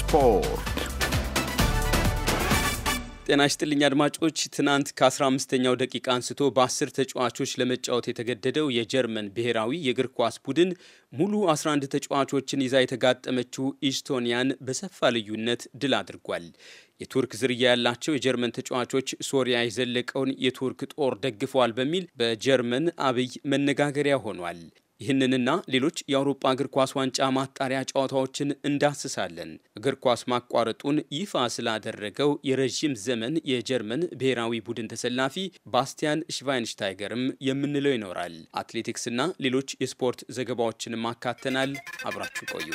ስፖርት ጤና ይስጥልኝ አድማጮች። ትናንት ከ15ኛው ደቂቃ አንስቶ በ10 ተጫዋቾች ለመጫወት የተገደደው የጀርመን ብሔራዊ የእግር ኳስ ቡድን ሙሉ 11 ተጫዋቾችን ይዛ የተጋጠመችው ኢስቶኒያን በሰፋ ልዩነት ድል አድርጓል። የቱርክ ዝርያ ያላቸው የጀርመን ተጫዋቾች ሶሪያ የዘለቀውን የቱርክ ጦር ደግፈዋል በሚል በጀርመን አብይ መነጋገሪያ ሆኗል። ይህንንና ሌሎች የአውሮፓ እግር ኳስ ዋንጫ ማጣሪያ ጨዋታዎችን እንዳስሳለን። እግር ኳስ ማቋረጡን ይፋ ስላደረገው የረዥም ዘመን የጀርመን ብሔራዊ ቡድን ተሰላፊ ባስቲያን ሽቫይንሽታይገርም የምንለው ይኖራል። አትሌቲክስና ሌሎች የስፖርት ዘገባዎችንም አካተናል። አብራችሁ ቆዩ።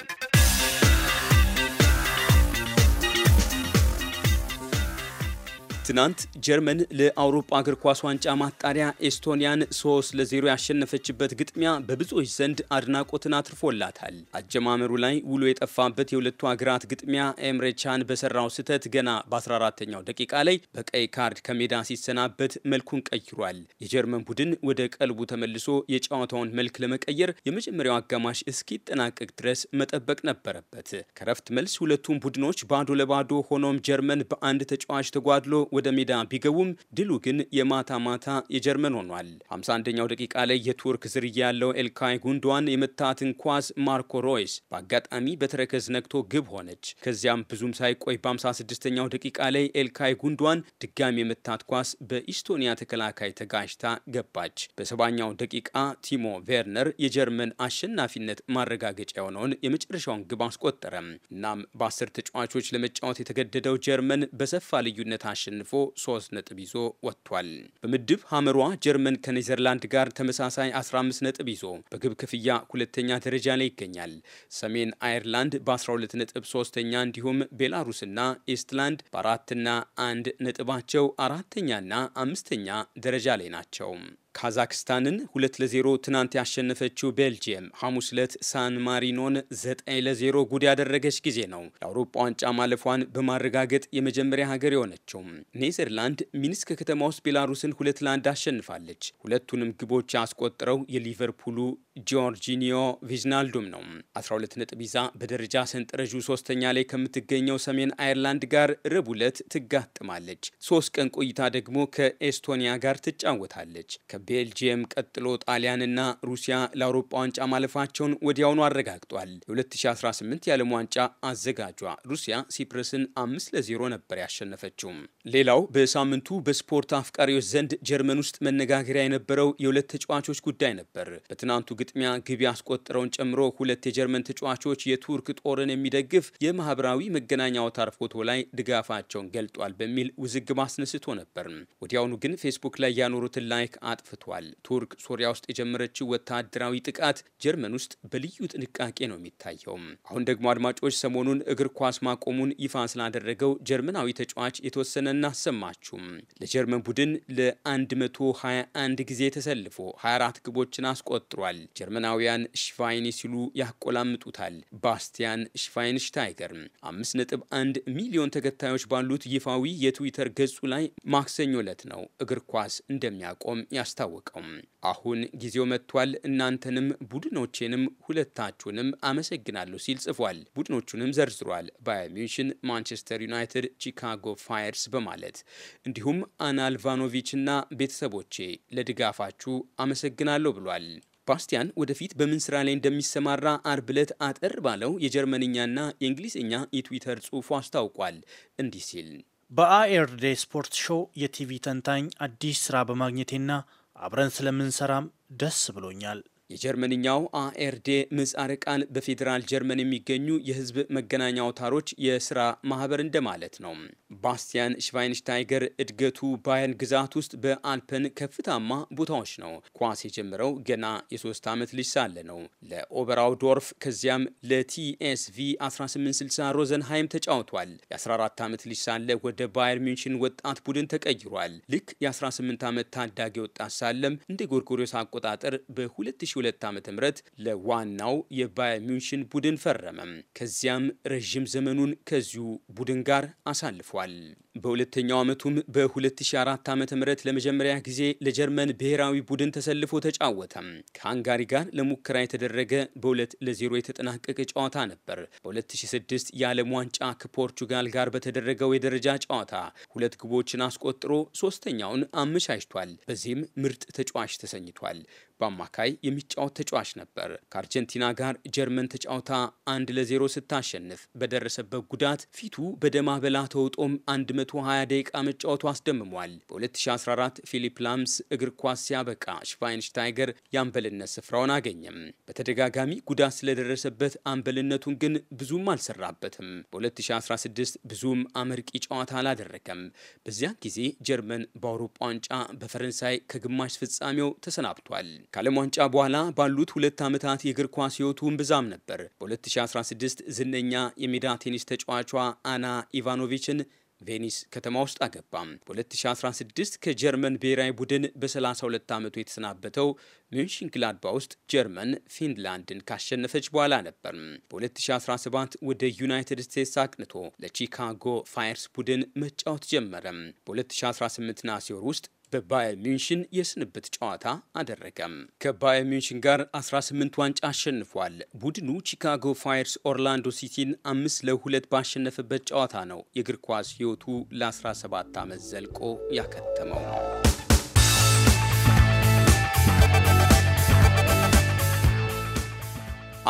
ትናንት ጀርመን ለአውሮፓ እግር ኳስ ዋንጫ ማጣሪያ ኤስቶኒያን 3 ለዜሮ ያሸነፈችበት ግጥሚያ በብዙዎች ዘንድ አድናቆትን አትርፎላታል። አጀማመሩ ላይ ውሎ የጠፋበት የሁለቱ ሀገራት ግጥሚያ ኤምሬቻን በሰራው ስህተት ገና በ 14 ተኛው ደቂቃ ላይ በቀይ ካርድ ከሜዳ ሲሰናበት መልኩን ቀይሯል። የጀርመን ቡድን ወደ ቀልቡ ተመልሶ የጨዋታውን መልክ ለመቀየር የመጀመሪያው አጋማሽ እስኪጠናቀቅ ድረስ መጠበቅ ነበረበት። ከረፍት መልስ ሁለቱም ቡድኖች ባዶ ለባዶ ሆኖም ጀርመን በአንድ ተጫዋች ተጓድሎ ወደ ሜዳ ቢገቡም ድሉ ግን የማታ ማታ የጀርመን ሆኗል። 51ኛው ደቂቃ ላይ የቱርክ ዝርያ ያለው ኤልካይ ጉንዷን የመታትን ኳስ ማርኮ ሮይስ በአጋጣሚ በተረከዝ ነክቶ ግብ ሆነች። ከዚያም ብዙም ሳይቆይ በ56ኛው ደቂቃ ላይ ኤልካይ ጉንዷን ድጋሚ የመታት ኳስ በኢስቶኒያ ተከላካይ ተጋጅታ ገባች። በሰባኛው ደቂቃ ቲሞ ቬርነር የጀርመን አሸናፊነት ማረጋገጫ የሆነውን የመጨረሻውን ግብ አስቆጠረም። እናም በአስር ተጫዋቾች ለመጫወት የተገደደው ጀርመን በሰፋ ልዩነት አሸንፋ አሸንፎ ሶስት ነጥብ ይዞ ወጥቷል። በምድብ ሀመሯ ጀርመን ከኔዘርላንድ ጋር ተመሳሳይ 15 ነጥብ ይዞ በግብ ክፍያ ሁለተኛ ደረጃ ላይ ይገኛል። ሰሜን አየርላንድ በ12 ነጥብ ሶስተኛ እንዲሁም ቤላሩስና ኢስትላንድ በአራትና አንድ ነጥባቸው አራተኛና አምስተኛ ደረጃ ላይ ናቸው። ካዛክስታንን ሁለት ለዜሮ ትናንት ያሸነፈችው ቤልጅየም ሐሙስ ዕለት ሳን ማሪኖን ዘጠኝ ለዜሮ ጉድ ያደረገች ጊዜ ነው ለአውሮፓ ዋንጫ ማለፏን በማረጋገጥ የመጀመሪያ ሀገር የሆነችው። ኔዘርላንድ ሚኒስክ ከተማ ውስጥ ቤላሩስን ሁለት ለአንድ አሸንፋለች። ሁለቱንም ግቦች ያስቆጠረው የሊቨርፑሉ ጆርጂኒዮ ቪዝናልዱም ነው። 12 ነጥብ ይዛ በደረጃ ሰንጠረዡ ሶስተኛ ላይ ከምትገኘው ሰሜን አይርላንድ ጋር ረቡዕ ዕለት ትጋጥማለች። ሶስት ቀን ቆይታ ደግሞ ከኤስቶኒያ ጋር ትጫወታለች። ከቤልጅየም ቀጥሎ ጣሊያንና ሩሲያ ለአውሮፓ ዋንጫ ማለፋቸውን ወዲያውኑ አረጋግጧል። የ2018 የዓለም ዋንጫ አዘጋጇ ሩሲያ ሲፕረስን አምስት ለዜሮ ነበር ያሸነፈችው። ሌላው በሳምንቱ በስፖርት አፍቃሪዎች ዘንድ ጀርመን ውስጥ መነጋገሪያ የነበረው የሁለት ተጫዋቾች ጉዳይ ነበር። በትናንቱ ግጥሚያ ግብ ያስቆጠረውን ጨምሮ ሁለት የጀርመን ተጫዋቾች የቱርክ ጦርን የሚደግፍ የማህበራዊ መገናኛ አውታር ፎቶ ላይ ድጋፋቸውን ገልጧል በሚል ውዝግብ አስነስቶ ነበር። ወዲያውኑ ግን ፌስቡክ ላይ ያኖሩትን ላይክ አጥፍቷል። ቱርክ ሶሪያ ውስጥ የጀመረችው ወታደራዊ ጥቃት ጀርመን ውስጥ በልዩ ጥንቃቄ ነው የሚታየው። አሁን ደግሞ አድማጮች ሰሞኑን እግር ኳስ ማቆሙን ይፋ ስላደረገው ጀርመናዊ ተጫዋች የተወሰነ እናሰማችሁ። ለጀርመን ቡድን ለ121 ጊዜ ተሰልፎ 24 ግቦችን አስቆጥሯል። ጀርመናውያን ሽቫይኒ ሲሉ ያቆላምጡታል። ባስቲያን ሽቫይንሽታይገር 5.1 ሚሊዮን ተከታዮች ባሉት ይፋዊ የትዊተር ገጹ ላይ ማክሰኞ ዕለት ነው እግር ኳስ እንደሚያቆም ያስታወቀው። አሁን ጊዜው መጥቷል፣ እናንተንም ቡድኖቼንም ሁለታችሁንም አመሰግናለሁ ሲል ጽፏል። ቡድኖቹንም ዘርዝሯል። ባየር ሚንሽን፣ ማንቸስተር ዩናይትድ፣ ቺካጎ ፋየርስ በማለት እንዲሁም አና እና ቤተሰቦቼ ለድጋፋችሁ አመሰግናለሁ ብሏል። ባስቲያን ወደፊት በምን ስራ ላይ እንደሚሰማራ አርብ ዕለት አጠር ባለው የጀርመንኛና የእንግሊዝኛ የትዊተር ጽሑፉ አስታውቋል እንዲህ ሲል በአኤርዴ ስፖርት ሾው የቲቪ ተንታኝ አዲስ ስራ በማግኘቴና አብረን ስለምንሰራም ደስ ብሎኛል። የጀርመንኛው አኤርዴ ምህጻረ ቃል በፌዴራል ጀርመን የሚገኙ የህዝብ መገናኛ አውታሮች የስራ ማህበር እንደማለት ነው። ባስቲያን ሽቫይንሽታይገር እድገቱ ባየርን ግዛት ውስጥ በአልፐን ከፍታማ ቦታዎች ነው። ኳስ የጀመረው ገና የሶስት ዓመት ልጅ ሳለ ነው ለኦበራው ዶርፍ፣ ከዚያም ለቲኤስቪ 1860 ሮዘንሃይም ተጫውቷል። የ14 ዓመት ልጅ ሳለ ወደ ባየር ሚንሽን ወጣት ቡድን ተቀይሯል። ልክ የ18 ዓመት ታዳጊ ወጣት ሳለም እንደ ጎርጎሪዮስ አቆጣጠር በ20 2002 ዓ.ም ለዋናው የባየር ሚንሽን ቡድን ፈረመ። ከዚያም ረዥም ዘመኑን ከዚሁ ቡድን ጋር አሳልፏል። በሁለተኛው ዓመቱም በ2004 ዓ ም ለመጀመሪያ ጊዜ ለጀርመን ብሔራዊ ቡድን ተሰልፎ ተጫወተ። ከሃንጋሪ ጋር ለሙከራ የተደረገ በሁለት ለዜሮ የተጠናቀቀ ጨዋታ ነበር። በ2006 የዓለም ዋንጫ ከፖርቹጋል ጋር በተደረገው የደረጃ ጨዋታ ሁለት ግቦችን አስቆጥሮ ሶስተኛውን አመቻችቷል። በዚህም ምርጥ ተጫዋች ተሰኝቷል። በአማካይ የሚጫወት ተጫዋች ነበር። ከአርጀንቲና ጋር ጀርመን ተጫውታ አንድ ለዜሮ ስታሸንፍ በደረሰበት ጉዳት ፊቱ በደማ በላ ተውጦም አንድ 20 ደቂቃ መጫወቱ አስደምሟል። በ2014 ፊሊፕ ላምስ እግር ኳስ ሲያበቃ ሽቫይንሽታይገር የአምበልነት ስፍራውን አገኘም። በተደጋጋሚ ጉዳት ስለደረሰበት አምበልነቱን ግን ብዙም አልሰራበትም። በ2016 ብዙም አመርቂ ጨዋታ አላደረገም። በዚያ ጊዜ ጀርመን በአውሮፓ ዋንጫ በፈረንሳይ ከግማሽ ፍጻሜው ተሰናብቷል። ከዓለም ዋንጫ በኋላ ባሉት ሁለት ዓመታት የእግር ኳስ ህይወቱ እምብዛም ነበር። በ2016 ዝነኛ የሜዳ ቴኒስ ተጫዋቿ አና ኢቫኖቪችን ቬኒስ ከተማ ውስጥ አገባም። በ2016 ከጀርመን ብሔራዊ ቡድን በ32 ዓመቱ የተሰናበተው ሚንሽን ግላድባ ውስጥ ጀርመን ፊንላንድን ካሸነፈች በኋላ ነበር። በ2017 ወደ ዩናይትድ ስቴትስ አቅንቶ ለቺካጎ ፋየርስ ቡድን መጫወት ጀመረ። በ2018 ናሲዮር ውስጥ በባየር ሚንሽን የስንብት ጨዋታ አደረገም። ከባየር ሚንሽን ጋር 18 ዋንጫ አሸንፏል። ቡድኑ ቺካጎ ፋየርስ ኦርላንዶ ሲቲን አምስት ለሁለት ባሸነፈበት ጨዋታ ነው የእግር ኳስ ሕይወቱ ለ17 ዓመት ዘልቆ ያከተመው።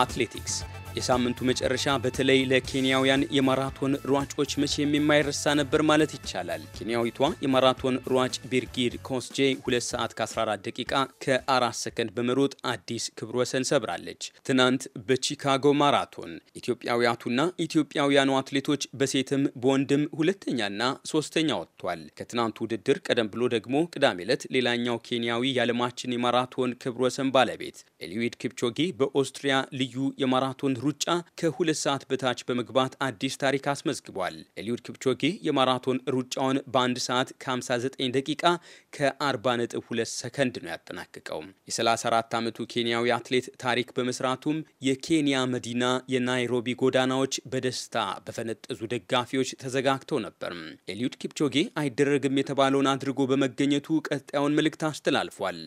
አትሌቲክስ የሳምንቱ መጨረሻ በተለይ ለኬንያውያን የማራቶን ሯጮች መቼም የማይረሳ ነበር ማለት ይቻላል። ኬንያዊቷ የማራቶን ሯጭ ቢርጊድ ኮስጄ 2 ሰዓት ከ14 ደቂቃ ከ4 ሰከንድ በመሮጥ አዲስ ክብረ ወሰን ሰብራለች። ትናንት በቺካጎ ማራቶን ኢትዮጵያውያቱና ኢትዮጵያውያኑ አትሌቶች በሴትም በወንድም ሁለተኛና ሶስተኛ ወጥቷል። ከትናንቱ ውድድር ቀደም ብሎ ደግሞ ቅዳሜ ዕለት ሌላኛው ኬንያዊ የዓለማችን የማራቶን ክብረ ወሰን ባለቤት ኤልዊድ ኪፕቾጌ በኦስትሪያ ልዩ የማራቶን ሩጫ ከሁለት ሰዓት በታች በመግባት አዲስ ታሪክ አስመዝግቧል። ኤልዩድ ኪፕቾጌ የማራቶን ሩጫውን በአንድ ሰዓት ከ59 ደቂቃ ከ 42 ሰከንድ ነው ያጠናቀቀው። የ34 ዓመቱ ኬንያዊ አትሌት ታሪክ በመስራቱም የኬንያ መዲና የናይሮቢ ጎዳናዎች በደስታ በፈነጠዙ ደጋፊዎች ተዘጋግተው ነበር። ኤልዩድ ኪፕቾጌ አይደረግም የተባለውን አድርጎ በመገኘቱ ቀጣዩን መልእክት አስተላልፏል።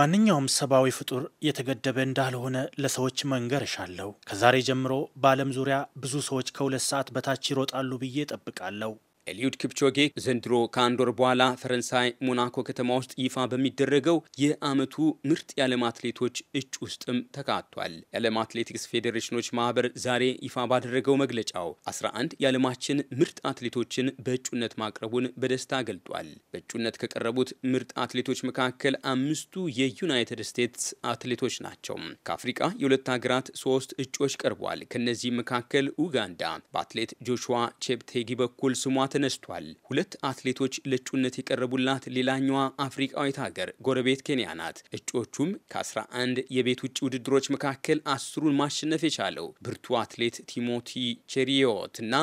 ማንኛውም ሰብአዊ ፍጡር የተገደበ እንዳልሆነ ለሰዎች መንገር እሻለሁ። ከዛሬ ጀምሮ በዓለም ዙሪያ ብዙ ሰዎች ከሁለት ሰዓት በታች ይሮጣሉ ብዬ ጠብቃለሁ። ኤልዩድ ኪፕቾጌ ዘንድሮ ከአንድ ወር በኋላ ፈረንሳይ ሞናኮ ከተማ ውስጥ ይፋ በሚደረገው የዓመቱ ምርጥ የዓለም አትሌቶች እጩ ውስጥም ተካቷል። የዓለም አትሌቲክስ ፌዴሬሽኖች ማህበር ዛሬ ይፋ ባደረገው መግለጫው 11 የዓለማችን ምርጥ አትሌቶችን በእጩነት ማቅረቡን በደስታ ገልጧል። በእጩነት ከቀረቡት ምርጥ አትሌቶች መካከል አምስቱ የዩናይትድ ስቴትስ አትሌቶች ናቸው። ከአፍሪቃ የሁለት ሀገራት ሶስት እጩዎች ቀርቧል። ከእነዚህ መካከል ኡጋንዳ በአትሌት ጆሹዋ ቼፕቴጊ በኩል ስሟ ተነስቷል። ሁለት አትሌቶች ለእጩነት የቀረቡላት ሌላኛዋ አፍሪቃዊት ሀገር ጎረቤት ኬንያ ናት። እጩዎቹም ከ11 የቤት ውጭ ውድድሮች መካከል አስሩን ማሸነፍ የቻለው ብርቱ አትሌት ቲሞቲ ቼሪዮት እና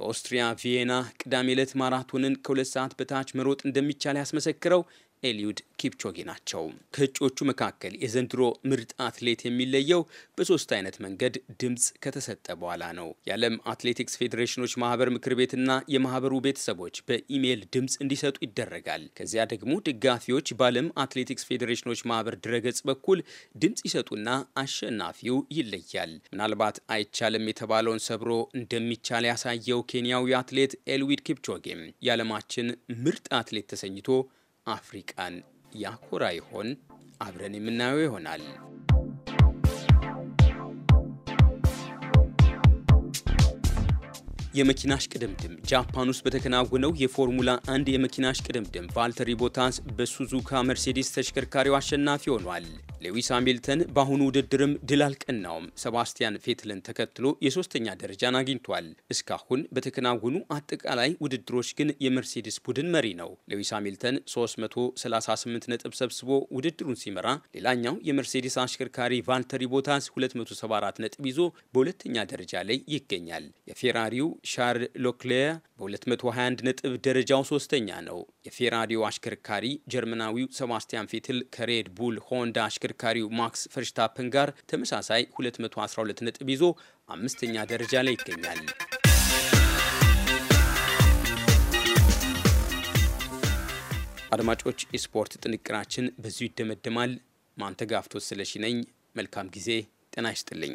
በኦስትሪያ ቪየና ቅዳሜ ዕለት ማራቶንን ከሁለት ሰዓት በታች መሮጥ እንደሚቻል ያስመሰክረው ኤልዩድ ኪፕቾጊ ናቸው። ከእጩዎቹ መካከል የዘንድሮ ምርጥ አትሌት የሚለየው በሶስት አይነት መንገድ ድምፅ ከተሰጠ በኋላ ነው። የዓለም አትሌቲክስ ፌዴሬሽኖች ማህበር ምክር ቤትና የማህበሩ ቤተሰቦች በኢሜይል ድምፅ እንዲሰጡ ይደረጋል። ከዚያ ደግሞ ደጋፊዎች በዓለም አትሌቲክስ ፌዴሬሽኖች ማህበር ድረገጽ በኩል ድምፅ ይሰጡና አሸናፊው ይለያል። ምናልባት አይቻልም የተባለውን ሰብሮ እንደሚቻል ያሳየው ኬንያዊ አትሌት ኤልዊድ ኪፕቾጌም የዓለማችን ምርጥ አትሌት ተሰኝቶ አፍሪቃን ያኮራ ይሆን? አብረን የምናየው ይሆናል። የመኪና እሽቅድምድም ጃፓን ውስጥ በተከናወነው የፎርሙላ አንድ የመኪና እሽቅድምድም ቫልተሪ ቦታስ በሱዙካ መርሴዲስ ተሽከርካሪው አሸናፊ ሆኗል። ሌዊስ ሃሚልተን በአሁኑ ውድድርም ድል አልቀናውም። ሰባስቲያን ፌትልን ተከትሎ የሶስተኛ ደረጃን አግኝቷል። እስካሁን በተከናወኑ አጠቃላይ ውድድሮች ግን የመርሴዲስ ቡድን መሪ ነው። ሌዊስ ሃሚልተን 338 ነጥብ ሰብስቦ ውድድሩን ሲመራ፣ ሌላኛው የመርሴዲስ አሽከርካሪ ቫልተሪ ቦታስ 274 ነጥብ ይዞ በሁለተኛ ደረጃ ላይ ይገኛል። የፌራሪው ሻርል ሎክሌር በ221 ነጥብ ደረጃው ሶስተኛ ነው። የፌራሪው አሽከርካሪ ጀርመናዊው ሰባስቲያን ፌትል ከሬድ ቡል ሆንዳ አሽከርካሪው ማክስ ፈርሽታፕን ጋር ተመሳሳይ 212 ነጥብ ይዞ አምስተኛ ደረጃ ላይ ይገኛል። አድማጮች፣ የስፖርት ጥንቅራችን በዚሁ ይደመደማል። ማንተጋፍቶ ስለሺ ነኝ። መልካም ጊዜ። ጤና ይስጥልኝ።